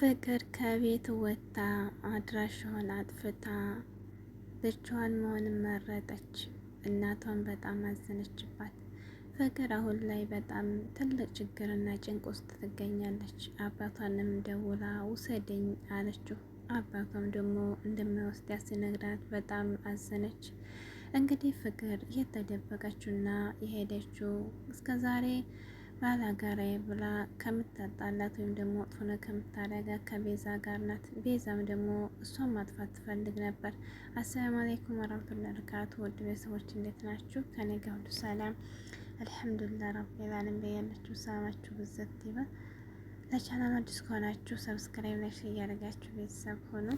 ፍቅር ከቤት ወጥታ አድራሻዋን አጥፍታ ብቻዋን መሆን መረጠች። እናቷን በጣም አዘነችባት። ፍቅር አሁን ላይ በጣም ትልቅ ችግርና ጭንቅ ውስጥ ትገኛለች። አባቷንም ደውላ ውሰደኝ አለችው። አባቷም ደግሞ እንደማይወስድ ሲነግራት በጣም አዘነች። እንግዲህ ፍቅር የተደበቀችውና የሄደችው እስከዛሬ ባላጋራዬ ብላ ከምታጣላት ወይም ደግሞ መጥፎ ነገር ከምታደርጋት ከቤዛ ጋር ናት። ቤዛም ደግሞ እሷን ማጥፋት ትፈልግ ነበር። አሰላሙ አለይኩም ወራህመቱላሂ ወበረካቱ። ውድ ቤተሰቦች እንዴት ናችሁ? ከኔ ጋር ሁሉ ሰላም አልሐምዱሊላህ ረቢል ዓለሚን። በያላችሁ ሰላማችሁ ብዘት ይበል። ለቻናሉ አዲስ ከሆናችሁ ሰብስክራይብ፣ ላይክ እያደረጋችሁ ቤተሰብ ሆኑ።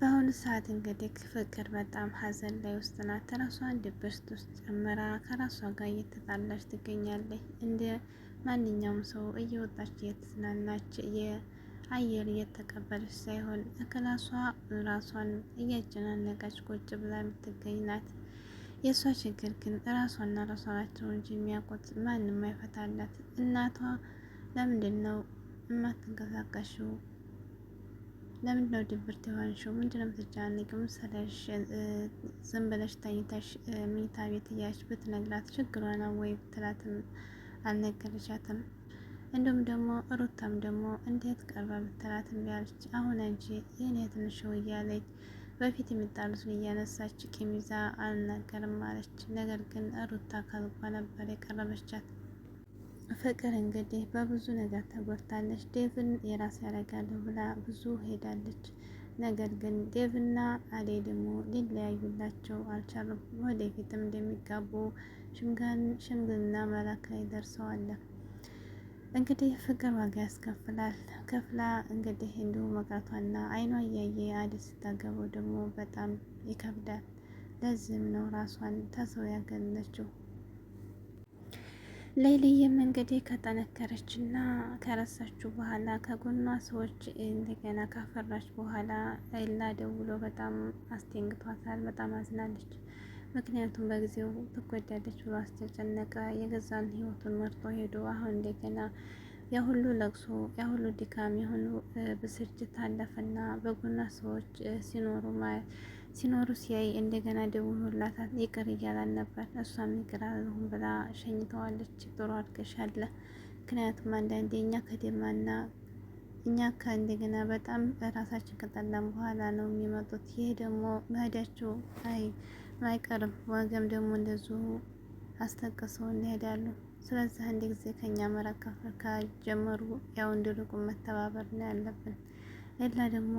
በአሁኑ ሰዓት እንግዲህ ፍቅር በጣም ሀዘን ላይ ውስጥ ናት። ራሷን ድብርት ውስጥ ጨምራ ከራሷ ጋር እየተጣላች ትገኛለች። እንደ ማንኛውም ሰው እየወጣች እየተዝናናች የአየር እየተቀበለች ሳይሆን ከራሷ ራሷን እያጨናነቀች ቁጭ ብላ የምትገኝ ናት። የእሷ ችግር ግን ራሷና ራሷ ናቸው እንጂ የሚያውቁት ማንም አይፈታላት። እናቷ ለምንድን ነው የማትንቀሳቀሽው ለምንድ ነው ድብርት የሆንሽው? ምንድ ነው የምትጨናነቂው? ምሳሌሽ ዝም ብለሽ ተኝተሽ ቤት እያለሽ ብትነግራት ችግሯ ነው ወይ ብትላትም አልነገረቻትም። እንዲሁም ደግሞ ሩታም ደግሞ እንዴት ቀርባ ብትላትም ቢያለች አሁን እንጂ የኔ ትንሽው እያለች በፊት የሚጣሉትን እያነሳች ቂም ይዛ አልናገርም አለች። ነገር ግን ሩታ ከልቧ ነበር የቀረበቻት። ፍቅር እንግዲህ በብዙ ነገር ተጎድታለች። ዴቭን የራስ ያደርጋለሁ ብላ ብዙ ሄዳለች። ነገር ግን ዴቭና አዴ ደግሞ ሊለያዩላቸው አልቻሉም። ወደፊትም እንደሚጋቡ ሽምግልና መላክ ላይ ደርሰዋል። እንግዲህ ፍቅር ዋጋ ያስከፍላል። ከፍላ እንግዲህ እንዲሁ መቅረቷና አይኗ እያየ አዴ ስታገባው ደግሞ በጣም ይከብዳል። ለዚህም ነው ራሷን ተሰው ያገለችው። ሌሊዬም እንግዲህ ከጠነከረችና ከረሳችሁ በኋላ ከጎኗ ሰዎች እንደገና ካፈራች በኋላ ኤላ ደውሎ በጣም አስቴንግቷታል። በጣም አዝናለች። ምክንያቱም በጊዜው ትጎዳለች ብሎ አስተጨነቀ። የገዛን ህይወቱን መርጦ ሄዶ አሁን እንደገና ያሁሉ ለቅሶ ያሁሉ ድካም የሆኑ ብስጭት አለፈና በጎኗ ሰዎች ሲኖሩ ማየት ሲኖሩ ሲያይ እንደገና ደውሎላታል። ይቅር እያላን ነበር። እሷም ይቅር አልሁም ብላ ሸኝተዋለች። ጥሩ አድገሻለ። ምክንያቱም አንዳንዴ እኛ ከደማና እኛ ከእንደገና በጣም ራሳችን ከጠላም በኋላ ነው የሚመጡት። ይህ ደግሞ መሄዳቸው አይ አይቀርም። ወገም ደግሞ እንደዚሁ አስጠቅሰው እንሄዳሉ። ስለዚህ አንድ ጊዜ ከኛ መራቅ ከጀመሩ ያው እንድልቁ መተባበር ነው ያለብን። ሌላ ደግሞ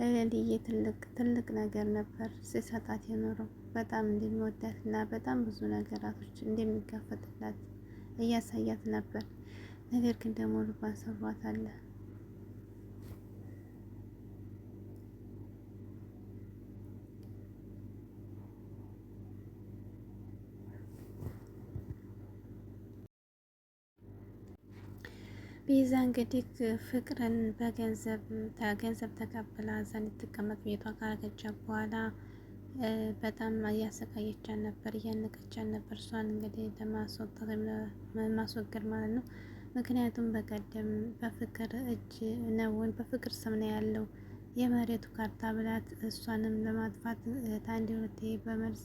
ለሌሊዬ ትልቅ ትልቅ ነገር ነበር ሲሰጣት የኖረው በጣም እንደሚወዳት እና በጣም ብዙ ነገራቶች እንደሚጋፈጥላት እያሳያት ነበር። ነገር ግን ደግሞ ልቧን አለ። ቤዛ እንግዲህ ፍቅርን በገንዘብ ገንዘብ ተቀብላ እዛ እንድትቀመጥ ቤቷ ካረገቻ በኋላ በጣም እያሰቃየቻን ነበር፣ እያነቀቻን ነበር። እሷን እንግዲህ ለማስወጣት ማስወገድ ማለት ነው። ምክንያቱም በቀደም በፍቅር እጅ ነውን በፍቅር ስም ነው ያለው የመሬቱ ካርታ ብላት እሷንም ለማጥፋት ታንዲ ሁለቴ በመርዝ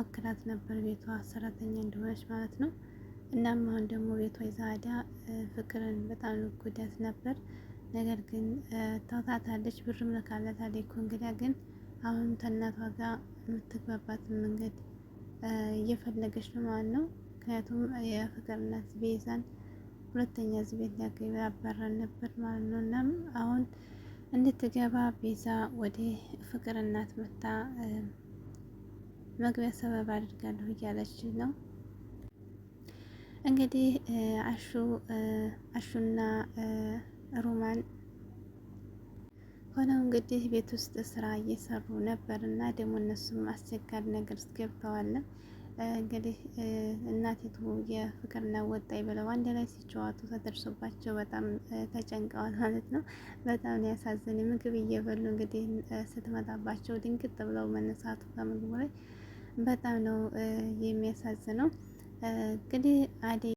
ሞክራት ነበር። ቤቷ ሰራተኛ እንደሆነች ማለት ነው። እናም አሁን ደግሞ ቤቷ ይዛ ፍቅርን በጣም ጉዳት ነበር። ነገር ግን ተውታታለች፣ ብርም ልካላታለች እኮ እንግዲያ ግን አሁን ተናቷ ጋር የምትግባባትን መንገድ እየፈለገች ነው ማለት ነው። ምክንያቱም የፍቅር እናት ቤዛን ሁለተኛ እዚህ ቤት ሊያገባ ነበር ማለት ነው። እናም አሁን እንድትገባ ቤዛ ወደ ፍቅር እናት መታ መግቢያ ሰበብ አድርጋለሁ እያለች ነው። እንግዲህ አሹ አሹና ሮማን ሆነው እንግዲህ ቤት ውስጥ ስራ እየሰሩ ነበር እና ደግሞ እነሱም አስቸጋሪ ነገር ውስጥ ገብተዋል። እንግዲህ እናቲቱ የፍቅርና ወጣይ ብለው አንድ ላይ ሲጨዋቱ ተደርሶባቸው በጣም ተጨንቀዋል ማለት ነው። በጣም ነው ያሳዝን። ምግብ እየበሉ እንግዲህ ስትመጣባቸው ድንግጥ ብለው መነሳቱ ከምግቡ ላይ በጣም ነው የሚያሳዝነው። እንግዲህ አደይ